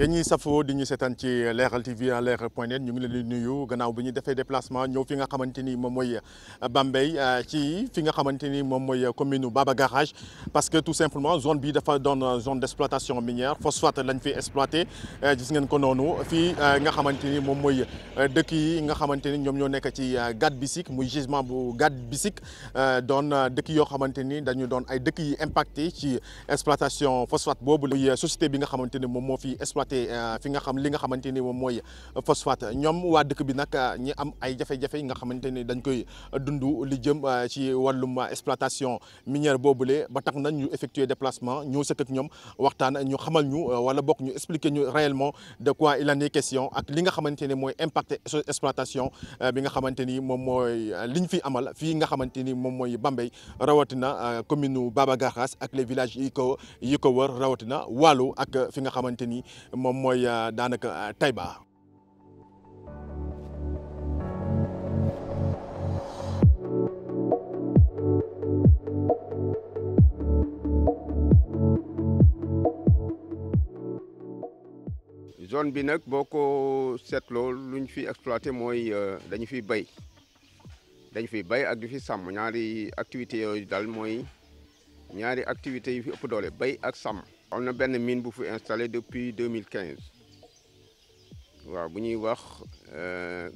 yéen ñiy safoo di ñu seetaan ci Leral TV en point net ñu ngi leen nuyu gannaaw bi ñu defee déplacement ñëw ni moom mooy euh, Bambey euh, ci fi nga xamante ni moom mooy euh, commune Baba Garage parce que tout simplement zone bi dafa doon zone d' exploitation minière phosphate lañ fi exploité gis ngeen ko noonu fii nga xamante ni moom mooy dëkk yi nga xamante ni ñoom ñoo nekk ci Gade Bissik muy gisement bu Gade Bissik doon dëkk yoo xamante ni dañu doon ay dëkk yi impacté ci exploitation phosphate boobu muy société bi nga moom moo exploité euh, fi nga xam li nga xamante ni moom mooy euh, phosphate ñoom waa dëkk bi nag euh, ñi am ay jafe-jafe yi nga xamante ni dañ koy dund li jëm ci wàllum exploitation minière boobule ba tax nañ ñu effectuer déplacement ñu sëkk ak ñoom waxtaan ñu xamal ñu wala bokk ñu expliquer ñu réellement de quoi il en question ak li nga xamante ni mooy impact exploitation bi nga xamante ni moom mooy liñ fi amal fii nga xamante ni moom mooy Bambey rawatina commune Baba Garage ak les villages yi ko yi ko wër rawatina Waalo ak fi nga xamante ni moom mooy euh, daanaka euh, Taïba zone bi nag boo ko seetloo lu ñu fi exploité mooy euh, dañu fiy bay dañu fiy bay ak di fi sàmm ñaari activités yooyu daal mooy ñaari activités yu fi ëpp doole bay ak sàmm am na benn mine bu fi installé depuis 2015 waaw bu ñuy wax euh,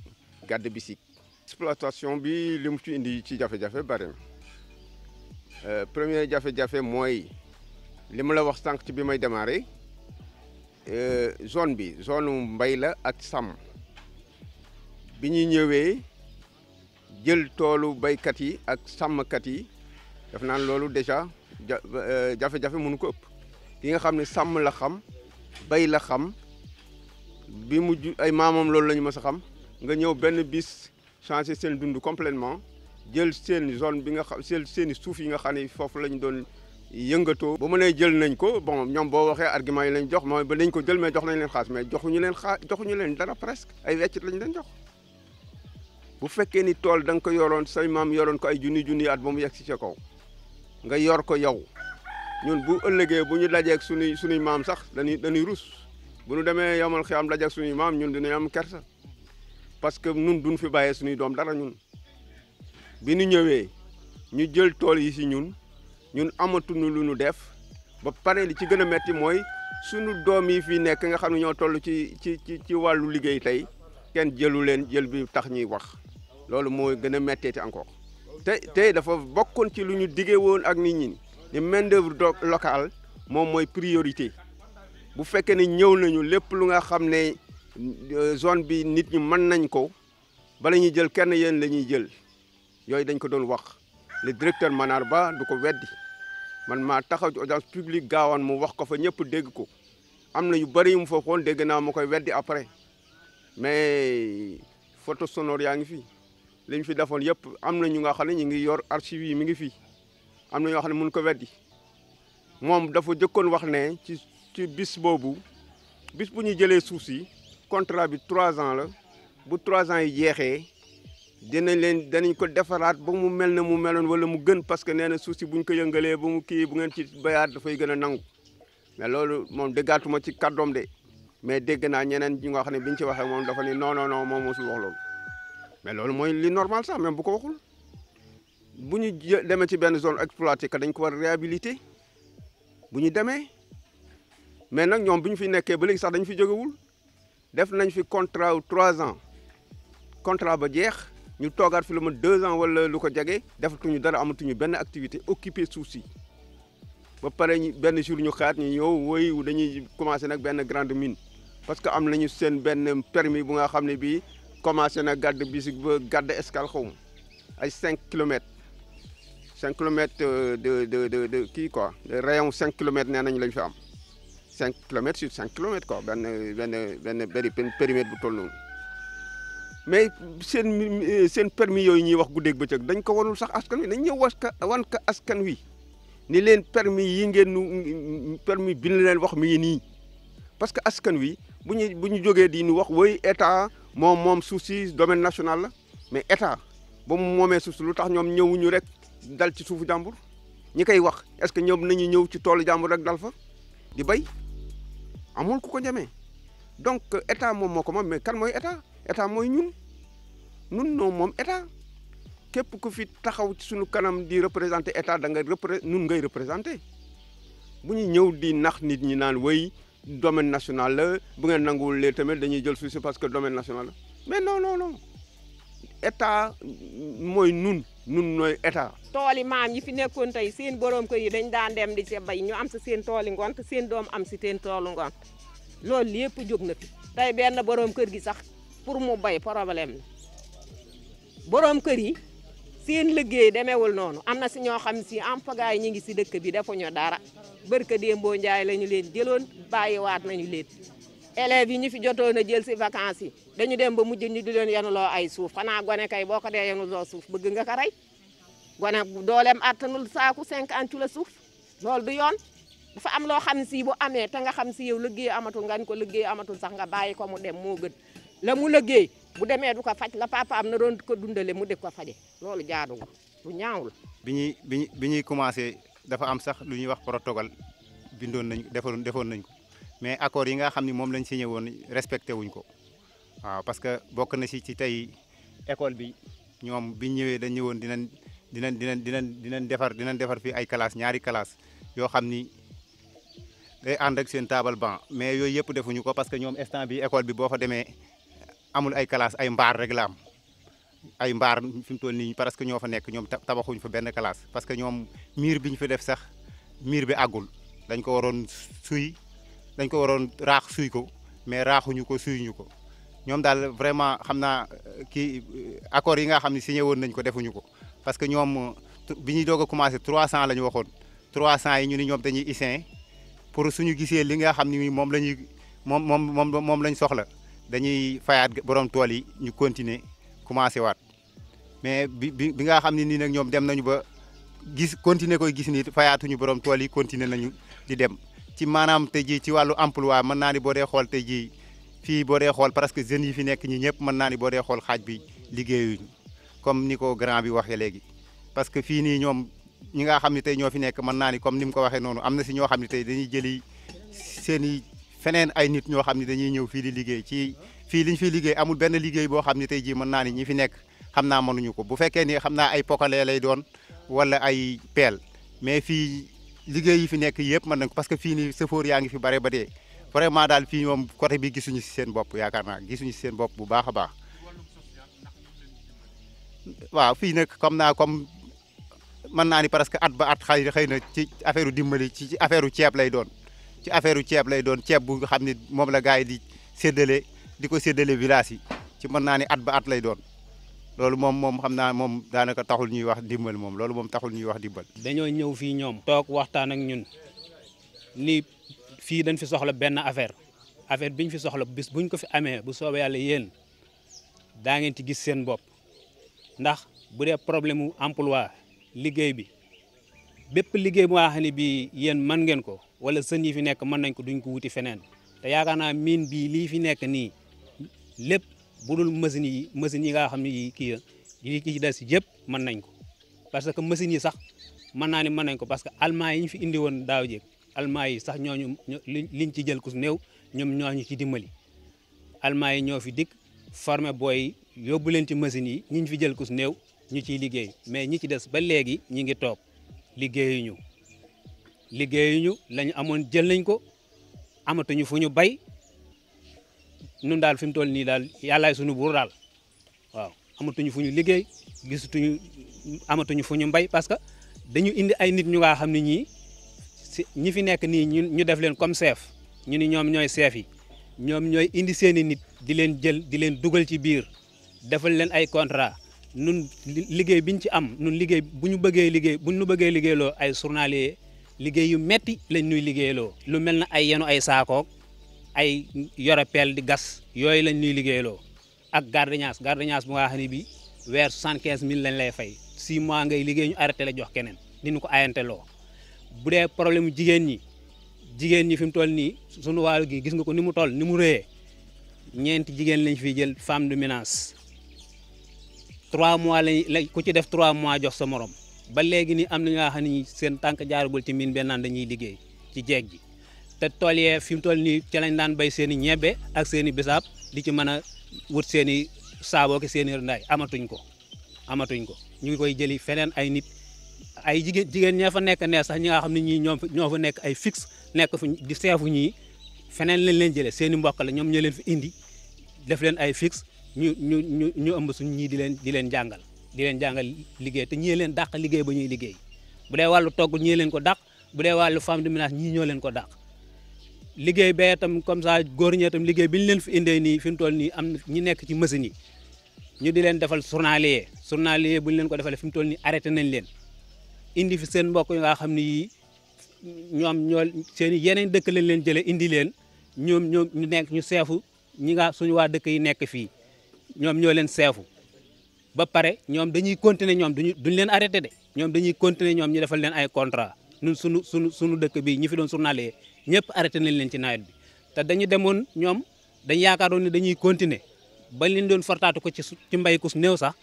gàdd bisik exploitation bi li ci indi ci jafe-jafe bari na euh, premier jafe-jafe mooy li ma la wax sànq ci bi may démarré euh, zone bi zone mbay la ak sàmm bi ñuy ñëwee jël toolu baykat yi ak sàmmkat yi def naan loolu déjà jafe-jafe mënu ko ëpp yi nga xam ne sàmm la xam bay la xam bi mujj ay maamam loolu la ñu mës a xam nga ñëw benn bis changé seen dund complètement jël seen zone bi nga xam seen seen suuf yi nga xam ne foofu la ñu doon yëngatoo. ba mu ne jël nañ ko bon ñoom boo waxee argument yi lañ jox mooy ba nañ ko jël mais jox nañ leen xaas mais joxuñu leen xaa joxuñu leen dara presque ay lañ leen jox. bu fekkee ni tool da nga ko yoroon say maam yoroon ko ay junni junni at mu yegg si ca nga yor ko yow ñun bu ëllëgee bu ñu lajeek suñuy suñuy maam sax dañuy dañuy rus bu nu demee yomal am dajeeg suñuy maam ñun dinañ am kersa parce que ñun duñ fi bàyyee suñuy doom dara ñun bi nu ñëwee ñu jël tool yi si ñun ñun amatuñu lu nu def ba pare li ci gën a metti mooy sunu doom yi fii nekk nga xam ne ñoo tollu ci ci ci ci wàllu liggéey tey kenn jëlu leen jël bi tax ñuy wax loolu mooy gën a métteeti encore te tey dafa bokkoon ci lu ñu diggee woon ak nit ñi ni main d'œuvre locale moom mooy priorité bu fekkee ne ñëw nañu lépp lu nga xam ne euh, zone bi nit ñi mën nañ ko bala ñuy jël kenn yéen la ñuy jël yooyu dañ ko doon wax le directeur manaar Ba du ko weddi man maa taxaw ci audience publique gaawaan mu wax ko fa ñëpp dégg ko am na yu bëri yu mu fa xoon dégg naa ma koy weddi après mais photo sonore yaa ngi fi li fi defoon yëpp am na ñu nga xam ne ñu ngi yor archive yi mi ngi fii am na ñoo xam ne mun ko weddi moom dafa jëkkoon wax ne ci ci bis boobu bis bu ñu jëlee suuf si contrat bi trois ans la bu trois ans yi jeexee dinañ leen danañ ko defaraat ba mu mel ne mu meloon wala mu gën parce que nee na suuf si bu ñu ko yëngalee bu mu kii bu ngeen ci bayaat dafay gën a nangu mais loolu moom déggaatuma ci kàddoom de mais dégg naa ñeneen ñu nga xam ne bi ñu ci waxee moom dafa ni non non non moom mosul wax loolu mais loolu mooy li normal sax même bu ko waxul. bu ñu demee ci benn zone exploitée que dañ ko war a réhabilité bu ñu demee mais nag ñoom bu ñu fi nekkee ba léegi sax dañ fi jógewul def nañ fi contrat wu trois ans contrat ba jeex ñu toogaat fi lu ma deux ans wala lu ko jege defatuñu dara amatuñu benn activité occupé suuf si ba pare ñu benn jour ñu xaat ñu ñëw woyu dañuy commencé nag benn grande mine parce que am nañu seen benn permis bu nga xam ne bii commencé na gàdd bisig ba gàdd escale xaw ay cinq kilomètres cinq kilomètres de de de de kii quoi rayon cinq kilomètres nee nañu lañu fi am cinq kilomètres sur cinq kilomètres quoi benn benn benn benn périmètre bu toll noonu mais seen seen permis yooyu ñuy wax guddeeg bëccëg dañ ko warul sax askan wi dañ ñëw waska wan ka askan wi ni leen permis yi ngeen nu permis bi leen wax mi nii parce que askan wi bu ñu bu ñu jógee di nu wax woy état moom moom su si domaine national la mais état ba mu moomee suuf si lu tax ñoom ñëwuñu rek dal ci suufu jàmbur ñi koy wax est-ce que ñoom nañu ñëw ci toolu jàmbur rek dal fa di bay amul ku ko ñemee donc état moom moo ko moom mais kan mooy état état mooy ñun nun noo état képp ku fi taxaw ci suñu kanam di représenté état da nga repré nun ngay représenter bu ñu ñëw di nax nit ñi naan wéy domaine national la bu ngeen nanguwul lee tamit dañuy jël suuf si parce que domaine national la mais non non mm, mooy nun nun nooy état. tooli maam ñi fi nekkoon tey seen borom ko yi dañ daan dem di ca bay ñu am si seen tooli ngont seen doom am si seen toolu ngont loolu lépp jog na fi tey benn borom kër gi sax pour mu bay problème la kër yi seen liggéey demeewul noonu am na si ñoo xam si am fagaay ñu ngi si dëkk bi defuñu dara barka Dembo Njaay lañu leen jëloon bàyyiwaat nañu leen élèves yi ñu fi jotoon a jël si vacances yi. dañu dem ba mujj ñu di leen yenuloo ay suuf xanaa gone kay boo ko dee yenuloo suuf bëgg nga karay rey gone dooleem attanul saaku cinquante la suuf loolu du yoon dafa am loo xam sii bu amee te nga xam si yow liggéey amatul nga ko liggéey amatul sax nga bàyyi ko mu dem moo gën la mu liggéey bu demee du ko faj la papa am na doon ko dundale mu di ko faje loolu jaadu lu ñaaw la bi ñuy bi ñuy bi ñuy commencé dafa am sax lu ñuy wax protocole bindoon nañ defoon defoon nañ ko mais accord yi nga xam ni moom lañ signé woon respecté wuñ ko waaw parce que bokk na si ci tey école bi ñoom biñ ñëwee dañ ñëwoon dinañ dinañ dinañ dinañ dinañ defar dinañ defar fii ay classe ñaari classe yoo xam ni day ànd ak seen table mais yooyu yëpp defuñu ko parce que ñoom instant bi école bi boo fa demee amul ay classe ay mbaar rek la am ay mbaar fi mu toll nii parce que ñoo fa nekk ñoom tabaxuñ fa benn classe parce que ñoom miir bi ñu fi def sax miir bi agul dañ ko waroon suy dañ ko waroon raax suy ko mais raaxuñu ko suyuñu ko ñoom daal vraiment xam naa euh, kii euh, accord yi nga xam ne signé woon nañ ko defuñu ko parce que ñoom euh, bi ñuy doog a commencé 300 la ñu waxoon 300 yi ñu ni ñoom dañuy issin pour suñu gisee li nga xam ne moom la ñuy moom moom moom moom la ñu soxla dañuy fayaat borom tool yi ñu continuer commencé waat mais bi bi nga xam ne nii nag ñoom dem nañu ba gis continuer koy gis nii fayaatuñu borom tool yi continuer nañu di dem ci maanaam tey jii ci wàllu emploi mën naa ni boo dee xool tey jii. fii boo dee xool presque jeunes yi fi nekk ñi ñëpp mën naa ni boo dee xool xaaj bi liggéeyuñu comme ni ko grand bi waxee léegi parce que fii nii ñoom ñi nga xam ne tey ñoo fi nekk mën naa ni comme ni mu ko waxee noonu am na si ñoo xam ne tey jëli seen i feneen ay nit ñoo xam ne dañuy ñëw fii di liggéey ci fii liñ fiy liggéey amul benn liggéey boo xam ne tey jii mën naa ni ñi fi nekk xam naa mënuñu ko bu fekkee ni xam naa ay pokalee lay doon wala ay peel mais fii liggéey yi fi nekk yëpp mën nañ ko parce que fii nii sëfoor yaa ngi fi bare ba dee vraiment daal fii moom côté bi gisuñu si seen bopp yaakaar naa gisuñu si seen bopp bu baax a baax waaw fii nag comme naa comme mën naa ni que at ba at xëy xëy na ci affaire dimbali ci ci affaire ceeb lay doon ci affaire ceeb lay doon ceeb bu nga xam ne moom la gars yi di séddale di ko séddale village yi ci mën naa ni at ba at lay doon loolu moom moom xam naa moom daanaka taxul ñuy wax dimbal moom loolu moom taxul ñuy wax dimbal. dañoo ñëw fii ñoom. toog waxtaan ak ñun fii dañ fi soxla benn affaire affaire biñ fi soxla bis buñ ko fi amee bu soobee yàlla yéen daa ngeen ci gis seen bopp ndax bu dee problème mu emploi liggéey bi bépp liggéey bu nga ni ne bii yéen mën ngeen ko wala sën yi fi nekk mën nañ ko duñ ko wuti feneen te yaakaar naa miin bii lii fi nekk nii lépp bu dul machines yi machines yi xam ne yii kii yi ci des yëpp mën nañ ko parce que machines yi sax mën naa ne mën nañ ko parce que allemand yi ñu fi indi woon daaw jéeg almaa yi sax ñooñu liñ ci jël ku néew ñoom ñooñu ci dimbali almaa yi ñoo fi dikk formé booy yóbbu leen ci machines yi ñiñ fi jël ku néew ñu ciy liggéey mais ñi ci des ba léegi ñi ngi toog liggéeyuñu liggéeyuñu lañu amoon jël nañ ko amatuñu fu ñu bay nun daal fi mu toll nii daal yàllaay suñu buur daal waaw amatuñu fu ñu liggéey gisatuñu amatuñu fu ñu mbay parce que dañu indi ay nit ñu nga xam ne ñii si ñi fi nekk nii ñu ñu def leen comme seef ñu ni ñoom ñooy chef yi ñoom ñooy indi seen i nit di leen jël di leen dugal ci biir defal leen ay contrat nun liggéey biñ ci am nun liggéey bu ñu bëggee liggéey bu ñu bëggee liggéeyloo ay journalier liggéey yu metti lañ ñuy liggéeyloo lu mel na ay yenu ay saakoog ay yore di gas yooyu lañ ñuy liggéeyloo ak gardiennage gardiennage bu nga xam ne bi weer soixante-quinze mille lañ lay fay si mois ngay liggéey ñu arrêté la jox keneen di ñu ko ayanteloo bu dee problème jigéen ñi jigéen ñi fi mu toll nii sunu wàll gi gis nga ko ni mu toll ni mu rëyee ñeenti jigéen lañ fi jël femme de ménage trois mois lañ ku ci def trois mois jox sa morom ba léegi ni am na ñoo xam seen tànk jaaragul ci miin bennaan dañuy liggéey ci jeeg ji te tool yee fi mu toll nii ci lañ daan béy seen ñebe ak seen i bisaab di ci mën a wut seen i saaboo ki seen amatuñ ko amatuñ ko ñu ngi koy jëli feneen ay nit ay jigéen jigéen ñee fa nekk ne sax ñi nga xam ne ñii ñoo ñoo fa nekk ay fixe nekk fu di seefu ñii feneen lañ leen jëlee seeni i mbokk la ñoom ñoo leen fi indi def leen ay fixe ñu ñu ñu ñu ëmb suñ ñii di leen di leen jàngal di leen jàngal liggéey te ñii leen dàq liggéey ba ñuy liggéey bu dee wàllu togg ñii leen ko dàq bu dee wàllu femme de ménage ñii leen ko dàq liggéey ba itam comme ça góor ñee itam liggéey bi ñu leen fi indee nii fi mu toll nii am ñi nekk ci machine yi ñu di leen defal journalier journalier bu ñu leen ko defalee fi mu toll nii arrêté nañ leen indi fi seen mbokk yi nga xam ni ñoom ñoo seen yeneen dëkk lañ leen jëlee indi leen ñoom ñoom ñu nekk ñu seefu ñi nga suñu waa dëkk yi nekk fii ñoom ñoo leen seefu ba pare ñoom dañuy continuer ñoom duñu duñ leen arrêté de ñoom dañuy continuer ñoom ñu defal leen ay contrat ñun suñu suñu suñu dëkk bi ñu fi doon journalier ñëpp arrêté nañ leen ci nawet bi te dañu demoon ñoom dañ yaakaaroon ne dañuy continuer bañ leen doon fartaatu ko ci ci mbay kus néew sax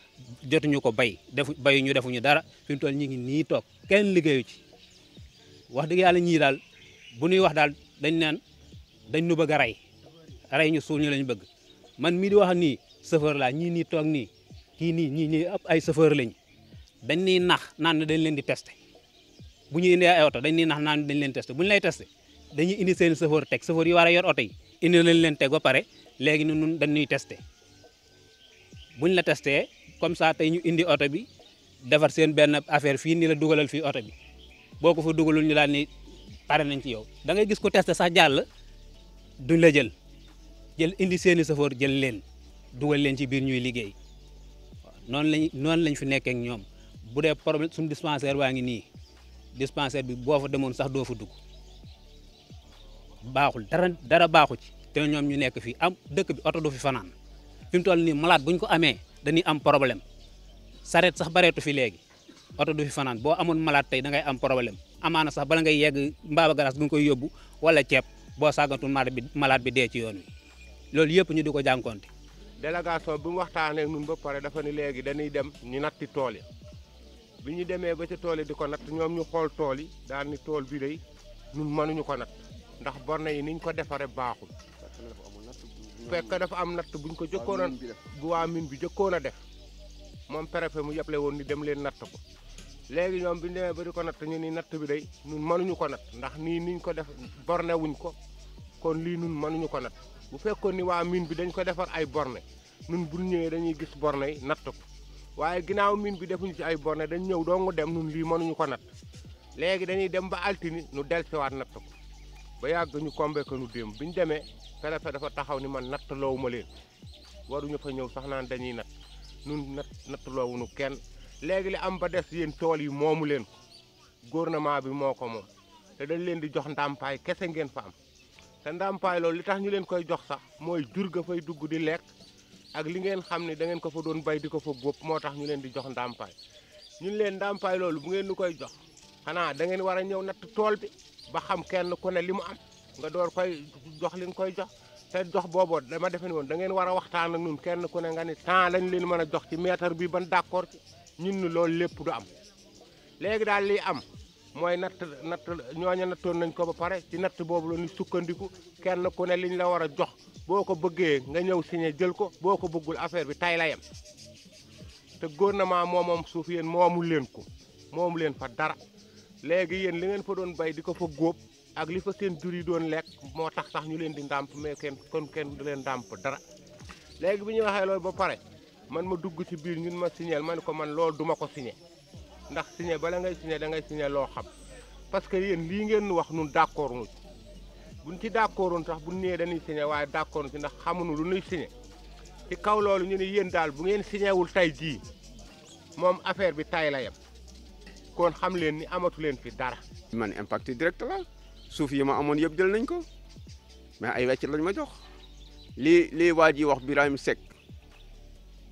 jotuñu ko bay defu bayu ñu defuñu dara fi mu ñu ngi nii toog kenn liggéeyu ci wax dëgg yàlla ñii daal bu ñuy wax daal dañ naan dañ nu bëgg a rey rey ñu suul ñu lañ bëgg man mii di wax nii chauffeur laa ñii nii toog nii kii nii ñii ñii ay chauffeur lañ dañ nii nax naan na dañ leen di testé bu ñu indee ay dañ nii nax naan dañ leen testé bu lay testé dañuy indi seen chauffeur teg chauffeur yi war a yor oto yi indi lañ leen teg ba pare léegi ñun dañ ñuy testé buñ la testé comme ça tey ñu indi oto bi defar seen benn affaire fii ni la dugalal fii oto bi boo ko fa dugalul ñu daal ni pare nañ ci yow da ngay gis ko testé sax jàll duñ la jël jël indi seeni safoor jël leen dugal leen ci biir ñuy liggéey noonu lañ noonu lañ fi nekkee ñoom bu dee problème suñu dispensaire waa ngi nii dispensaire bi boo fa demoon sax doo fa dugg baaxul dara dara baaxu ci te ñoom ñu nekk fii am dëkk bi oto du fi fanaan fi mu nii malaat bu ñu ko amee dañuy am problème sareet sax bareetu fi léegi oto du fi fanaan boo amoon malaat tey da ngay am problème amaana sax bala ngay yegg mbaaba garas bu nga koy yóbbu wala ceeb boo sàggantul malade bi malade bi dee ci yoon loolu yëpp ñu di ko jànkonte délégation bi mu waxtaanee ñun ba pare dafa ni léegi dañuy dem ñu natti tool yi bi ñu demee ba ca tool yi di ko natt ñoom ñu xool tool yi daal ni tool bi day ñun mënuñu ko natt ndax borne yi niñ ko defaree baaxul fekk dafa am natt buñ ko jëkkoon a bu waa mine bi jëkkoon a def moom préfet mu yeble woon ni dem leen natt ko léegi ñoom bi ñu demee ba di ko natt ñu ni natt bi day ñun mënuñu ko natt ndax nii niñ ko def borne wuñ ko kon lii nun mënuñu ko natt bu fekkoon ni waa mine bi dañ ko defar ay borne ñun bu ñëwee dañuy gis borne yi natt ko waaye ginnaaw mine bi defuñu ci ay borne dañ ñëw doo nga dem ñun lii mënuñu ko natt léegi dañuy dem ba altini ñu dellusiwaat natt ko ba yàgg ñu convoqué nu démb bi ñu demee préfet dafa taxaw ni man nattaloowu ma leen waruñu fa ñëw sax naan dañuy natt nun natt nattaloowuñu kenn léegi li am ba des yéen tool yi moomu leen góor gouvernement bi moo ko moom te dañ leen di jox ndàmpaay kese ngeen fa am te ndàmpaay loolu li tax ñu leen koy jox sax mooy jur ga fay dugg di lekk ak li ngeen xam ne da ngeen ko fa doon bay di ko fa góob moo tax ñu leen di jox ndàmpaay ñun leen ndàmpaay loolu bu ngeen ñu koy jox xanaa da war tool bi ba xam kenn ku ne li mu am nga door koy jox li nga koy jox te jox booboo dama defe ne woon da ngeen war a waxtaan ak ñun kenn ku ne nga ni temps lañ leen mën a jox ci mètre bi ban d'accord ci ñun lool lépp du am léegi daal li am mooy natt natt ñooña toon nañ ko ba pare ci natt boobu la ñu sukkandiku kenn ku ne liñ la war a jox boo ko bëggee nga ñëw signé jël ko boo ko bëggul affaire bi tay la yem te gouvernement moo moom suuf yéen moomul leen ko moomu leen fa dara léegi yéen li ngeen fa doon bay di ko fa góob ak li fa seen jur yi doon lekk moo tax sax ñu leen di ndàmp mais kenn kon kenn du leen ndàmp dara léegi bi ñu waxee loolu ba pare man ma dugg ci biir ñun ma signal man ko man lool du ma ko signé ndax signé bala ngay signé da ngay signé loo xam parce que yéen lii ngeen wax nun d'accord nu ci buñ ci d'accordoon sax buñ nee dañuy signé waaye d'accord ci ndax xamuñu lu ñuy signé ci kaw loolu ñu ne yéen daal bu ngeen signé wul tey jii moom affaire bi tay la yem kon xam leen ni amatu leen fi dara. man impact direct la suuf yi ma amoon yëpp jël nañ ko mais ay wecc lañ ma jox lii lii waa ji wax Birahim Seck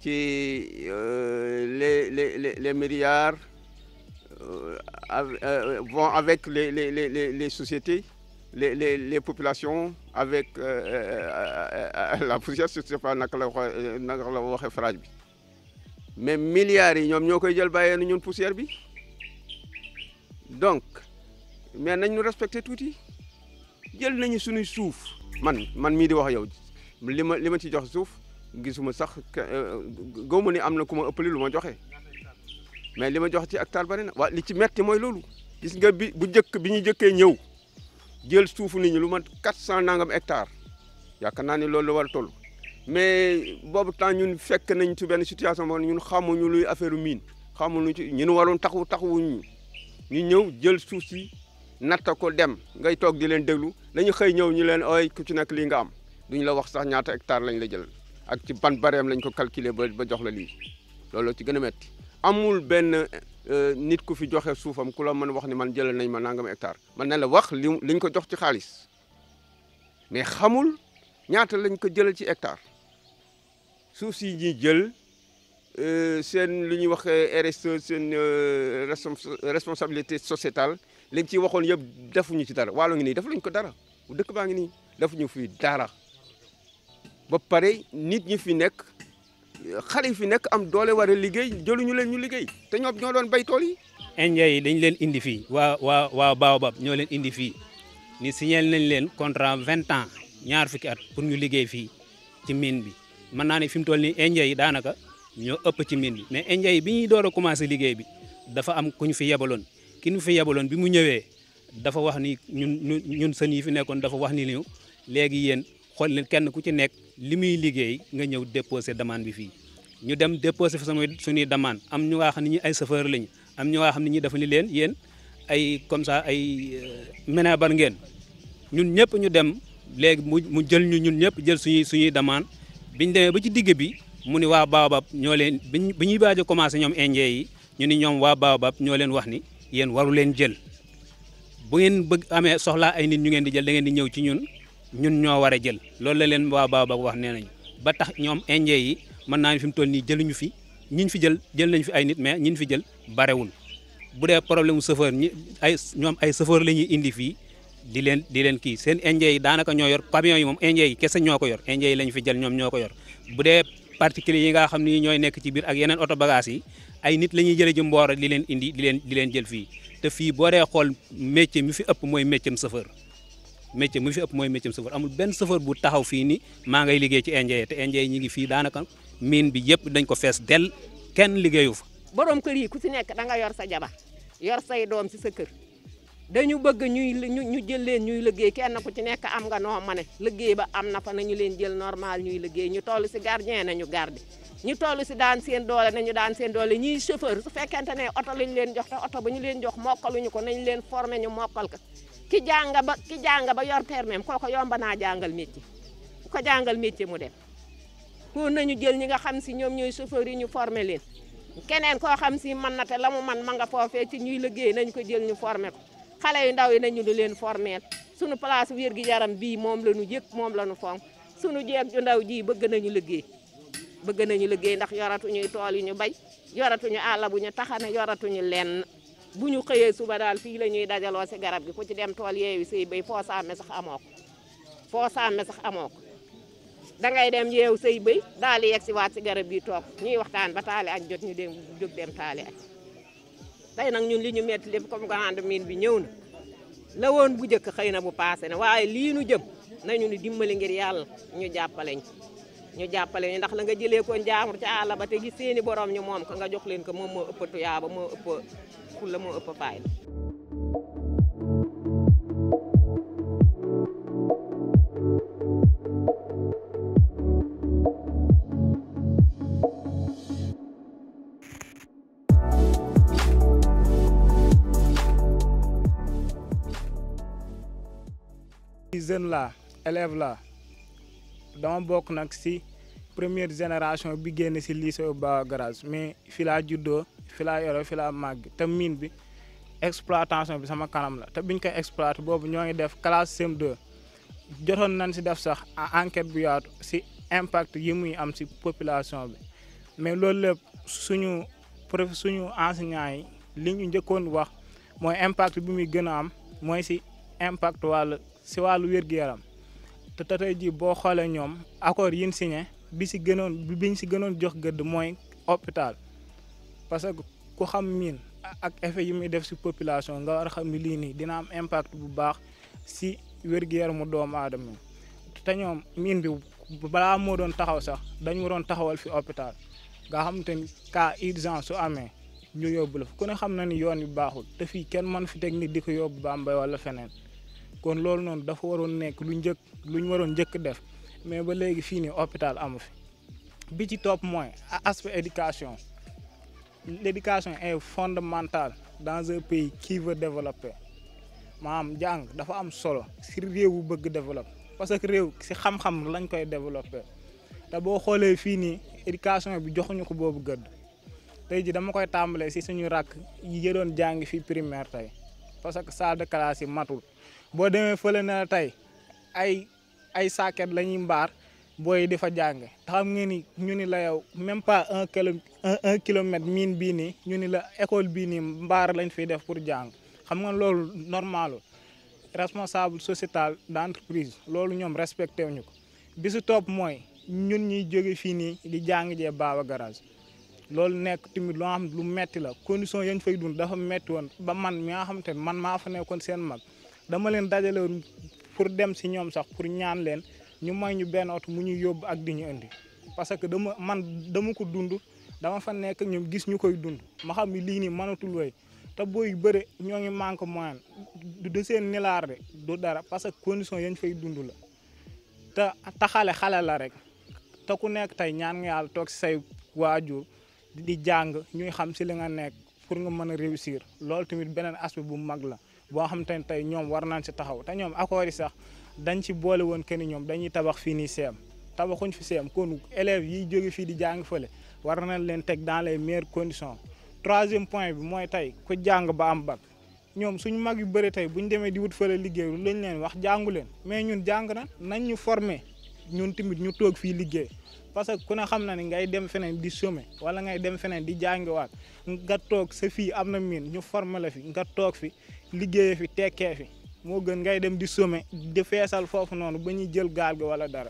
ci euh, les les les milliards euh, euh, vont avec les les les les sociétés les les les populations avec la poussière je ne sais pas naka la waxee naka la bi mais milliards yi ñoom ñoo koy jël bàyyee na ñun poussière bi. donc mais nañ ñu respecté tuuti jël nañu suñuy suuf man man mii di wax yow li ma li ma ci jox suuf gisuma sax euh, gaw ma ni am na ku ma ëppale lu ma joxe mais li ma jox ci hectare bari na waa li ci metti mooy loolu gis nga bi bu njëkk bi ñu njëkkee ñëw jël suufu nit ñi lu mat quatre cent nangam hectares yaakaar naa ni loolu war a mais boobu temps ñun fekk nañ ci benn situation boo ñun xamuñu luy affaire mine xamuñu ci ñun waroon taxawu taxawuñu ñu ñëw jël suuf si natta ko dem ngay toog di leen déglu dañu xëy ñëw ñu leen ooy ku ci lii nga am duñu la wax sax ñaata hectare lañ la jël ak ci ban bareem lañ ko calculer ba ba jox la lii loolu ci gën a métti amul benn euh, nit ku fi joxe suufam ku la mën wax ni man jëlal nañ ma nangam hectare man na la wax li liñ ko jox ci xaalis mais xamul ñaata lañ ko jëlal ci hectare suuf si ñuy jël Euh, seen lu ñuy wax euh, RSE seen euh, responsabilité sociétale lañ ciy waxoon yëpp defuñu ci dara waalo ngi nii defuñu ko dara dëkk baa ngi nii defuñu fi dara ba pare nit ñi fi nekk xale yi fi nekk am doole war a liggéey jëluñu leen ñu liggéey te ñoom ñoo doon bay tool yi. Indien yi dañ leen indi fii waa waa waa Baobab ñoo leen indi fii ni signal nañ leen contrat vingt ans ñaar fukki at pour ñu liggéey fii ci mine bi mën naa ne fi mu toll nii yi daanaka. ñoo ëpp ci mine bi mais indien yi bi ñuy door a commencé liggéey bi dafa am ku ñu fi yebaloon ki ñu fi yebaloon bi mu ñëwee dafa wax ni ñun ñun sën yi fi nekkoon dafa wax ni ñu léegi yéen xool leen kenn ku ci nekk li muy liggéey nga ñëw déposé demande bi fii ñu dem déposé fi sama suñuy demande am ñu nga xam ne ñi ay chauffeur lañu am ñu nga xam ni ñi dafa ni leen yéen ay comme ça ay euh, ménabar ngeen ñun ñëpp ñu dem léegi mu mu jël ñu ñun ñëpp jël suñuy suñuy demande biñ demee ba ci digg bi mu ni waa Baobab ñoo leen bi ñuy baaj commencé ñoom indien yi ñu ni ñoom waa Baobab ñoo leen wax ni yéen waru leen jël bu ngeen bëgg amee soxla ay nit ñu ngeen di jël da di ñëw ci ñun ñun ñoo war a jël loolu la leen waa Baobab wax nee nañu ba tax ñoom indien yi mën naa ne fi mu toll nii jëluñu fi ñiñ fi jël jël nañ fi ay nit mais ñiñ fi jël barewul bu dee problème mu ñi ay ñoom ay chauffeur la ñuy indi fii di leen di leen kii seen indien yi daanaka ñoo yor camion yi moom indien yi kese ñoo ko yor indien yi lañ fi jël ñoom ñoo ko yor bu dee particulier yi nga xam ni ñooy nekk ci biir ak yeneen oto bagage yi ay nit la ñuy jëlee ji mboora di leen indi di leen di leen jël fii te fii boo dee xool métier mi fi ëpp mooy métier chauffeur métier mi fi ëpp mooy métier chauffeur amul benn chauffeur bu taxaw fii ni maa ngay liggéey ci indien e. te indien e ñi ngi fii daanaka mine bi yëpp dañ ko fees dell kenn liggéeyu fa borom kër yi ku si nekk da nga yor sa jabar yor say doom si sa dañu bëgg ñuy ñu jël leen ñuy liggéey kenn ku ci nekk am nga noo ma ne liggéey ba am na fa nañu leen jël normal ñuy liggéey ñu toll si gardien nañu garde ñu toll si daan seen doole nañu daan seen doole ñuy chauffeur su fekkente ne oto lañu leen jox te oto ba ñu leen jox ñu ko nañu leen formé ñu mokkal ko ki jànga ba ki jànga ba yor permeem kooko yomba naa jàngal métier ko jàngal métier mu dem kon nañu jël ñi nga xam si ñoom ñooy chauffeur yi ñu formé leen keneen koo xam si mën na te la mu man ma nga foofee ci ñuy liggéey nañ ko jël ñu formé ko xale yu ndaw yi nañu di leen formeel sunu place wér gi yaram bii moom la ñu yëg moom la ñu fonk sunu jeeg ju ndaw ji bëgg nañu liggéey bëgg nañu liggéey ndax yoratuñu tool yi ñu bay yoratuñu àll bu ñu taxane yoratuñu leen bu ñu xëyee suba daal fii la ñuy dajaloo si garab gi ku ci dem tool yeewi sëy bay foo sàmme sax amoo ko foo sàmme sax amoo ko dangay dem yeew sëy bay daal di yegg si waat si garab gi toog ñuy waxtaan ba taali añ jot ñu dem jóg dem taali añ tey nag ñun li ñu metti lépp comme grande mine bi ñëw na la woon bu njëkk xëy na bu paase na waaye lii nu na nañu ni dimbali ngir yàlla ñu jàppale ñu ñu jàppale ñu ndax la nga jëlee ko njaamur ca àll ba te gi seeni borom ñu moom ko nga jox leen ko moom moo ëpp tuyaaba moo ëpp fulla moo ëpp jeune la élève la dama bokk nag si première génération bi génn si lycée Ba garage mais fi laa juddoo fi laa yoroo fi màgg te mine bi exploitation bi sama kanam la te biñ koy exploité boobu ñoo ngi def classe CM2 jotoon nañ si def sax enquête bu yaatu si impact yi muy am si population bi mais loolu lépp suñu prof suñu enseignants yi li njëkkoon wax mooy impact bi gën am mooy si impact wàll si wàllu wér yaram te te tey jii boo xoolee ñoom accord yi ñu signé bi si gënoon bi si gënoon jox gëdd mooy hopital parce que ku xam miin ak effet yi muy def si population nga war a xam ni lii nii dina am impact bu baax si wér-gu-yaramu doomu aadama te ñoom miin bi balaa moo doon taxaw sax dañu waroon taxawal fi hopital nga xam te ni cas urgence su amee ñu yóbbu la ku ne xam na ni yoon yu baaxul te fii kenn mën fi teg nit di ko yóbbu Bambey wala feneen. kon loolu noonu dafa waroon nekk lu njëkk lu ñu waroon njëkk def mais ba léegi fii nii hôpital amu fi bi ci topp mooy aspect éducation l'éducation est fondamentale dans un pays qui veut développer maanaam jàng dafa am solo si réew bu bëgg développer parce que réew si xam-xam lañ koy développer te boo xoolee fii nii éducation bi joxuñu ko boobu gëdd tey ji dama koy tàmbalee si suñu rakk yi doon jàng fii primaire tay parce que salle de classe matul. boo demee fële na tey ay ay saaket la ñuy mbaar booy di fa jàng te xam ngeen ni ñu ni la yow même pas un kilo un kilomètre mine bii nii ñu ni la école bii nii mbaar lañ fiy def pour jàng xam nga loolu normalu responsable sociétal d'entreprise loolu ñoom respecté wuñu ko bi su topp mooy ñun ñuy jóge fii nii di jàng jee baaba garage loolu nekk tamit loo am lu metti la condition yañ fay dund dafa metti woon ba man mi nga xam te man maa fa nekkoon seen mag dama leen dajale pour dem si ñoom sax pour ñaan leen ñu may ñu benn oto mu ñu yóbbu ak di ñu indi parce que dama man dama ko dund dama fa nekk ñoom gis ñu koy dund ma xam ni lii nii mënatul woy te booy bëre ñoo ngi manque moyen du seen nilaar de du dara parce que condition yañ fay dund la te te xale xale la rek te ku nekk tey ñaan nga yàlla toog si say waajur di jàng ñuy xam si li nga nekk pour nga mën a réussir loolu tamit beneen aspect bu mag la boo xam te ne tey ñoom war nañ si taxaw te ñoom accords sax dañ si boole woon que ñoom dañuy tabax fii nii CM tabaxuñ fi CM kon élèves yi jóge fii di jàng fële war nañ leen teg dans les meilleures conditions troisième point bi mooy tey ku jàng ba am bac ñoom suñu mag yu bëri tey bu ñu demee di wut fële liggéey lu leen wax jàngu leen mais ñun jàng na nañ ñu ñun tamit ñu toog fii liggéey parce que ku na xam na ni ngay dem feneen di chômer wala ngay dem feneen di jàngiwaat nga toog sa fii am na miin ñu former la nga toog fi liggéeyee fi tekkee fi moo gën ngay dem di some di feesal foofu noonu ba ñuy jël gaal gi wala dara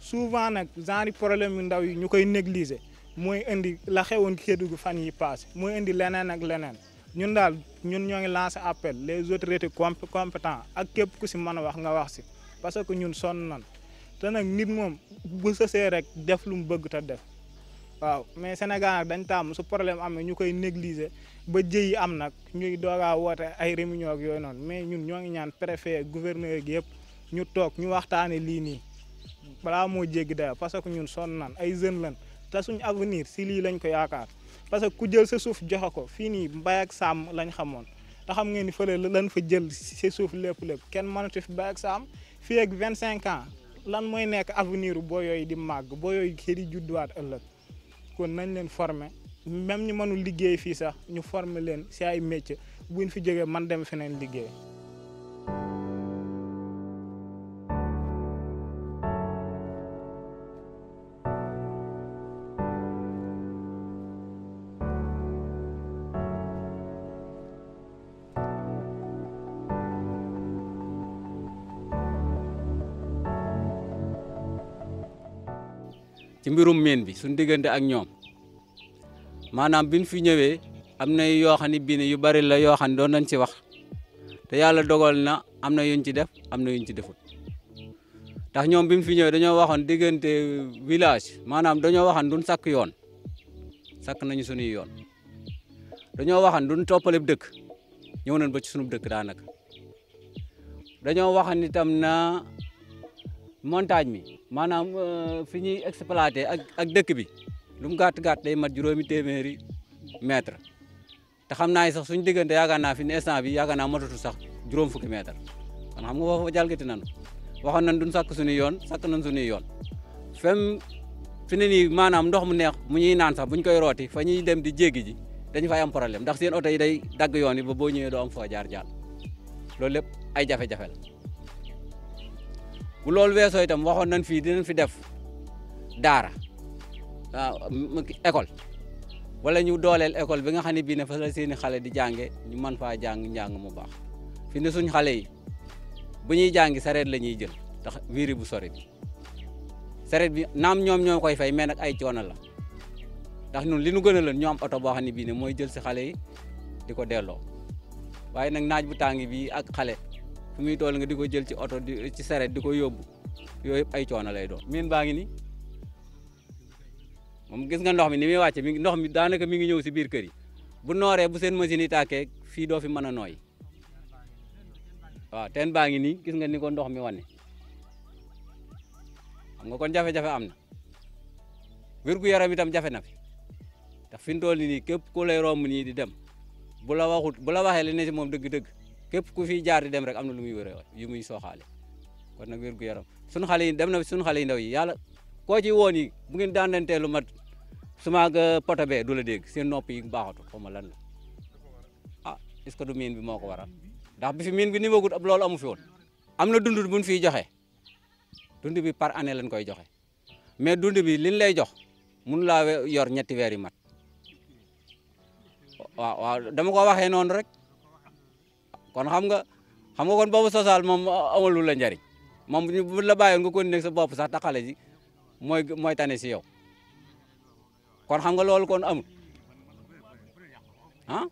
souvent nag genre problème yu ndaw yi ñu koy négliger mooy indi la xewoon Kédougou fan yi passé mooy indi leneen nag leneen ñun daal ñun ñoo ngi lancé appel les autorités compétents ak képp ku si mën a wax nga wax si parce que ñun son nan te nag nit moom bu sësee rek def lu mu bëgg te def waaw mais Sénégal nag dañ tàmm su problème amee ñu koy négliger ba jëy yi am nag ñuy doogaa woote ay réunion ak yooyu noonu mais ñun ñoo ngi ñaan préfet gouverneur gi yëpp ñu toog ñu waxtaane lii nii balaa moo jéggi dara parce que ñun son nan ay jeunes lan te suñ avenir si lii lañ ko yaakaar parce que ku jël sa suuf joxe ko fii nii mbay ak sàmm lañ xamoon te xam ngeen ni la lan fa jël sa suuf lépp lépp kenn mënatu fi mbay ak sàmm fii ak 25 ans lan mooy nekk avenir bo yooyu di màgg boo yooyu kii di judduwaat ëllëg kon nañ leen former. même ñu mënul liggéey fii sax ñu former leen si ay métier buñ fi jógee man dem feneen liggéey. ci mbirum meen bi suñu diggante ak ñoom. maanaam bi ñu fi ñëwee am na yoo xam ne bii ne yu bari la yoo xam ne doon nañ ci wax te yàlla dogal na am na yuñ ci def am na yuñ ci deful ndax ñoom bi mu fi ñëwee dañoo waxoon diggante village maanaam dañoo waxoon duñ sakk yoon sakk nañu suñuy yoon dañoo waxoon duñ toppale dëkk ñëw nañ ba ci sunu dëkk daanaka dañoo waxoon itam na montage mi maanaam euh, fi ñuy exploité ak ak dëkk bi lu mu gàtt gàtt day mat juróomi téeméeri mètre te xam naa sax suñu diggante yaakaar naa fi ne instant bi yaakaar naa sax juróom fukki mètre kon xam nga foofu jalgati nañu waxoon nañ duñ sàkk suñu yoon sakk nañ suñuy yoon fem fi ne nii maanaam ndox mu neex mu ñuy naan sax buñ koy rooti fa ñuy dem di jéggi ji dañu fay am problème ndax seen oto yi day dagg yoon yi ba boo ñëwee doo am foo jaar jaar loolu lépp ay jafe-jafe la bu loolu itam waxoon nañ fii dinañ fi def daara école wala ñu dooleel école bi nga xam ne bii ne fa la xale di jànge ñu man faa jàng njàng mu baax fi ne suñ xale yi bu ñuy jàngi sareet la ñuy jël tax wiiri bu sori bi sareet bi naam ñoom ñoo koy fay mais nag ay coono la ndax ñun li nu gën a leen oto boo xam ne bii ne mooy jël si xale yi di ko delloo waaye nag naaj bu tàng bii ak xale fu muy toll nga di ko jël ci oto di ci sareet di ko yóbbu yooyu ay coono lay doon miin baa ngi ni moom gis nga ndox mi ni muy wàcce mi ngi ndox mi daanaka mi ngi ñëw si biir bu nooree bu seen machine yi tàkkee fii doo fi mën a nooy waaw teen baa ngi nii gis nga ni ko ndox mi wane xam nga kon jafe-jafe am na wér-gu-yaram itam jafe na fi ndax fi mu toll képp ku lay nii di dem bu la waxut bu la waxee li moom dëgg-dëgg képp ku fi jaar dem rek am na lu muy wér yu muy sooxaale kon nag wér-gu-yaram sunu xale yi dem na sunu ndaw yi yàlla koo ci woon yi bu ngeen daanantee su maag euh, poto bee du la dégg seen nopp yi baaxatul xaw ma lan la ah est-ce du miin bi moo ko waral ndax bi fi miin bi niveau gudd ab loolu amu fi woon am na dund buñ fiy joxe dund bi par année lañ koy joxe mais dund bi liñ lay jox mun laa yor ñetti weer yi mat waaw waaw dama ko waxee noonu rek kon xam nga xam nga kon boobu social moom amalul la njariñ moom bu la bàyyoon nga ko nekk sa bopp sax taxale ji mooy mooy tane si yow kon xam nga loolu kon amul ah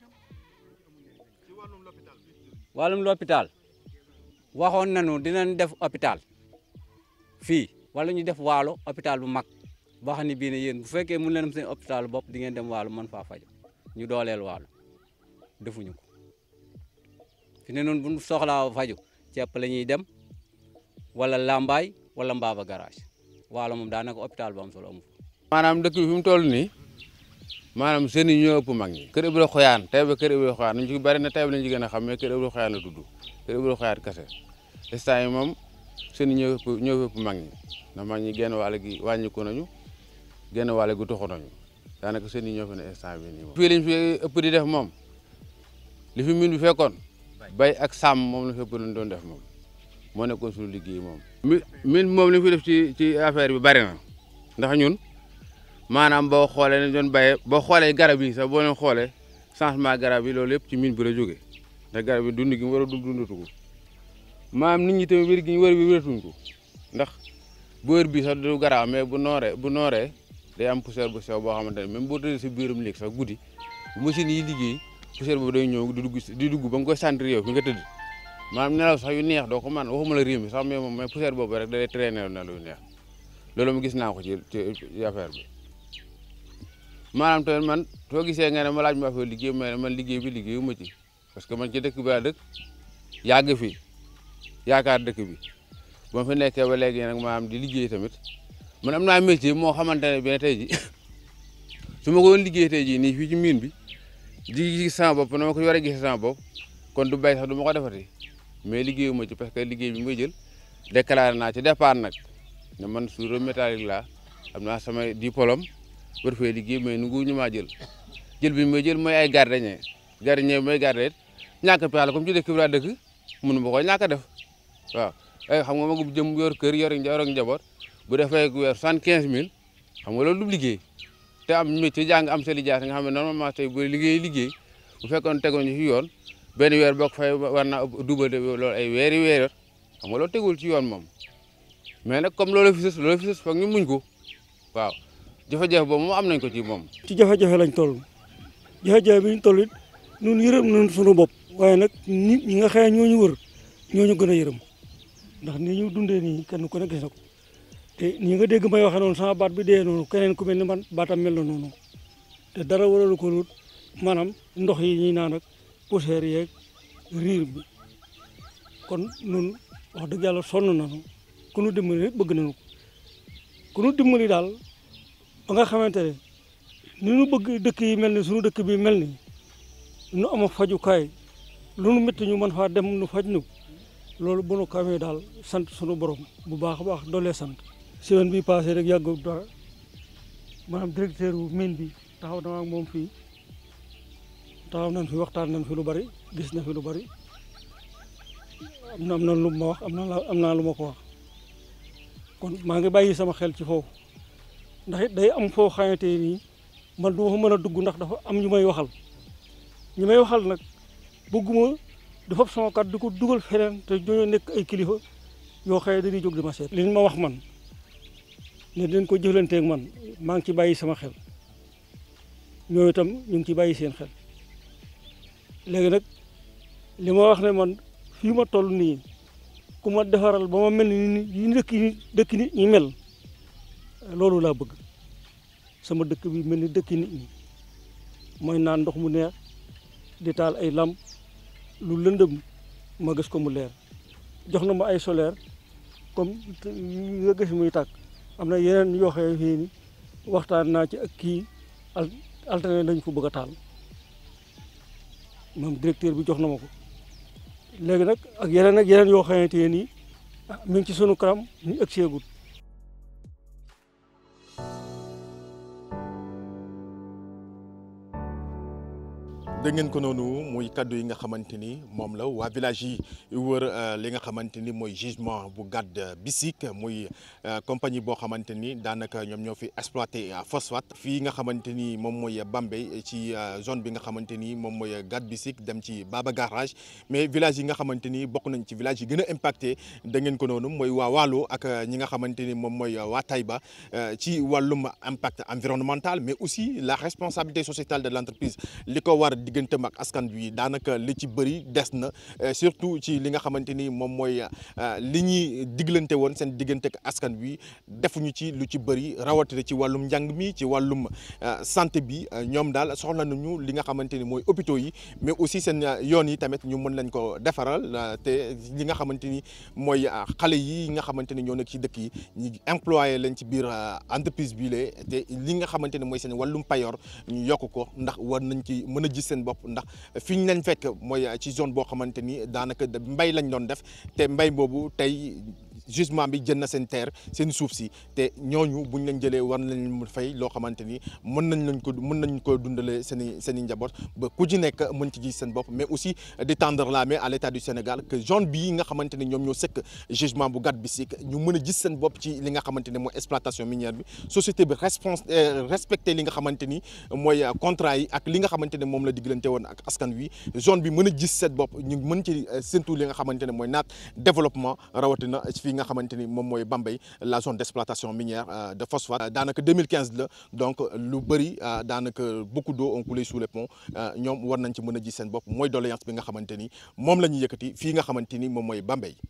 wàllum l'hôpital waxoon nañu dinañ def hôpital fii wala ñu def waalo hôpital bu mag boo xam ne bii ne yéen bu fekkee mën leen am seen hôpital bopp di ngeen dem waalo mën faa fajo ñu dooleel waalo defuñu ko fi ne noonu bu soxlaa faju ceeb la ñuy dem wala Lambaay wala Mbaba garage waalo moom daanaka opital bu am solo amul maanaam dëkk bi fi mu toll nii maanaam jeunes yi ñoo ëpp mag kër Ibra Xoyaan tey ba kër Ibra Xoyaan ñu ci bari na tey lañu ci gën a xam mais kër Ibra Xoyaan la tudd kër Ibra Xoyaan kese instant yi moom jeunes yi ñoo ëpp ñoo ëpp mag ñi ñi genn wàll gi wàññiku nañu genn wàll gi tuxu nañu daanaka seen yi ñoo ne instant bi nii moom fii lañ fi ëpp di def moom li fi min bi fekkoon bay ak sàmm moom la fi ëpp lañ doon def moom moo nekkoon suñu liggéey moom min moom li fi def ci ci affaire bi bari na ndax ñun maanaam boo xoolee ne doon béyee boo xoolee garab yi sax boo leen xoolee changement garab yi loolu yëpp ci mine bu la jógee ndax garab yi dund gi war a dund dundatu ko maanaam nit ñi tamit wér gi ñu wér bi wératuñ ko ndax bu wér bii sax du garaaw mais bu nooree bu nooree day am poussière bu sew boo xamante ne même boo tëddee si biiram léegi sax guddi machine yi liggéey poussière boobu day di dugg di dugg ba nga koy sentir yow fi nga tëdd maanaam nelaw sax yu neex doo ko mën waxuma la réew mi sax mais moom mais poussière boobu rek da lay traîner nelaw yu neex loolu mu gis naa ko ci ci affaire bi maanaam tamit man soo gisee nga ne ma laaj ma affaire liggéey ma man liggéey bi liggéey ma ci parce que man ci dëkk bi laa dëkk yàgg fi yaakaar dëkk bi ba fi nekkee ba léegi nag maanaam di liggéey tamit man am naa métier moo xamante ne bien tey ji su ma ko liggéey tey jii nii fii ci miin bi di gis sama bopp na ma ko war a gis sama bopp kon du bay sax du ma ko defati mais liggéeyu ma ci parce que liggéey bi may jël déclaré naa ci départ nag ne man soudeur métallique laa am naa samay diplôme war fee liggéey mais nangu ñu maa jël jël bi may jël mooy ay gardien gardien bi may gardé it ñàkk pexe la comme ci dëkk bi laa dëkk mënu ma ko ñàkk def waaw ay xam nga ma jëm yor kër yor ak njaboot bu defee weer soixante-quinze mille xam nga lool du liggéey te am métier jàng am sa lijaasa nga xam ne normalement tey bu liggéey liggéey bu fekkoon tegoon ci yoon benn weer bokk fay war naa de lool ay weeri weer xam nga lool tegul ci yoon moom mais nag comme loolu fi sës loolu fi sës ko waaw jafe-jafe boobu moom am nañ ko ci moom. ci jafe-jafe lañ toll jafe-jafe bi ñu toll it ñun yërëm nañ suñu bopp waaye nag nit ñi nga xëy ñoo ñu wër ñoo ñu gën a yërëm ndax ni ñu dundee nii kenn ku ne gis ko te nii nga dégg may waxee noonu sama baat bi dee noonu keneen ku mel ni man baatam mel na noonu te dara waralu ko lut maanaam ndox yi ñuy naan ak poussière yeeg riir bi kon nun wax dëgg yàlla sonn nañu ku nu dimbali bëgg nañu ko ku nu daal. ba nga xamante ne ni ñu bëgg dëkk yi mel ni suñu dëkk bi mel ni nu am fajukaay lu nu métti ñu mën faa dem nu faj nu loolu bu nu ko daal sant sunu borom bu baax a baax doolee sant semaine bi passé rek yàggu dara maanaam directeur wu mine bi taxaw na ak moom fii taxaw nañ fi waxtaan nañ fi lu bari gis na fi lu bari am na am na lu ma wax am na am naa lu ma ko wax kon maa ngi bàyyi sama xel ci foofu ndax it day am foo xamante nii man du fa mën a dugg ndax dafa am ñu may waxal ñu may waxal nag bëgguma du fab sama kat di ko dugal feneen te ñoo nekk kilifa yoo xam ne dañuy jóg di ma seet li ñu ma wax man ne dañ ko jëflanteeg man maa ngi ci bàyyi sama xel ñoo itam ñu ngi ci bàyyi seen xel léegi nag li ma wax ne man fii ma toll nii ku ma defaral ba ma mel ni dëkk yi dëkk nit ñi mel loolu laa bëgg sama dëkk bi mel ni dëkki nit ñi mooy naan ndox mu neex di taal ay lam lu lëndëm ma gis ko mu leer jox na ma ay solaire comme nga gis muy tàkk am na yeneen yoo xam ni waxtaan naa ci ak kii alterné dañ ko bëgg a taal moom directeur bi jox na ma ko léegi nag ak yeneen ak yeneen yoo xamante ne nii ah, mu ngi ci sunu karam ñu egg seegul dégg ngeen ko noonu muy kaddu yi nga xamante ni moom la waa village yi euh, li nga xamante ni mooy gisement bu Gadde Bissik muy euh, compagnie boo xamante ni daanaka ñoom ñoo fi exploité phosphate fii nga xamante ni moom mooy Bambey ci euh, zone bi nga xamante ni moom mooy Gadde Bissik dem ci Baba mais village yi nga xamante ni bokk nañ ci village yi gën impacté dégg ngeen ko noonu mooy waa Waalo ak ñi nga xamante ni moom mooy waa Taïba ci wàllum impact environnemental mais aussi la responsabilité sociétale de l'entreprise li ko war digganteem ak askan bi daanaka lu ci bëri des na euh, surtout ci li nga xamante ni moom mooy euh, li ñuy diglante woon seen diggante ak askan bi defuñu ci lu ci bëri rawatina ci wàllum njàng mi ci wàllum euh, santé bi ñoom daal soxla nañu li nga xamante ni mooy hôpitaux yi mais aussi seen yoon yi tamit ñu mën lañ ko defaral te li nga xamante ni mooy xale yi nga xamante ni ñoo nekk ci dëkk yi ñu employé ci biir entreprise bi lee te li nga xamante ni mooy seen wàllum payoor ñu yokk ko ndax war nañ ci mën a gis seen seen bopp ndax fi ñu leen fekk mooy ci zone boo xamante ni daanaka mbay lañ doon def te mbay boobu tey gisement bi jël na seen terre seen suuf si te ñooñu buñ leen jëlee war nañ mu fay loo xamante ni mën nañ lañ ko mën nañ ko dundalee seen seen i njaboot ba ku ci nekk mën ci gis seen bopp mais aussi di tendre la main à l'état du Sénégal que bii nga xamante ni ñoom ñoo sëkk gisement bu Gat Bissik ñu mën a gis seen bopp ci li nga xamante ne mooy exploitation minière bi société bi respons euh, respecté li nga xamante ni mooy contrat yi ak li nga xamante ne moom la diggante woon ak askan wi zone bi mën a gis seen bopp ñu mën ci euh, séntu li nga xamante ne mooy naat développement rawatina fii nga xamante ni moom mooy Bambey la zone d'exploitation minière euh, de phosphate daanaka 2015 la donc euh, lu bëri euh, daanaka beaucoup d'eau ont coulé sous les ponts ñoom war nañ ci mën a ji seen bopp mooy doléance bi nga xamante ni moom la ñuy yëkkati fii nga xamante ni moom mooy Bambey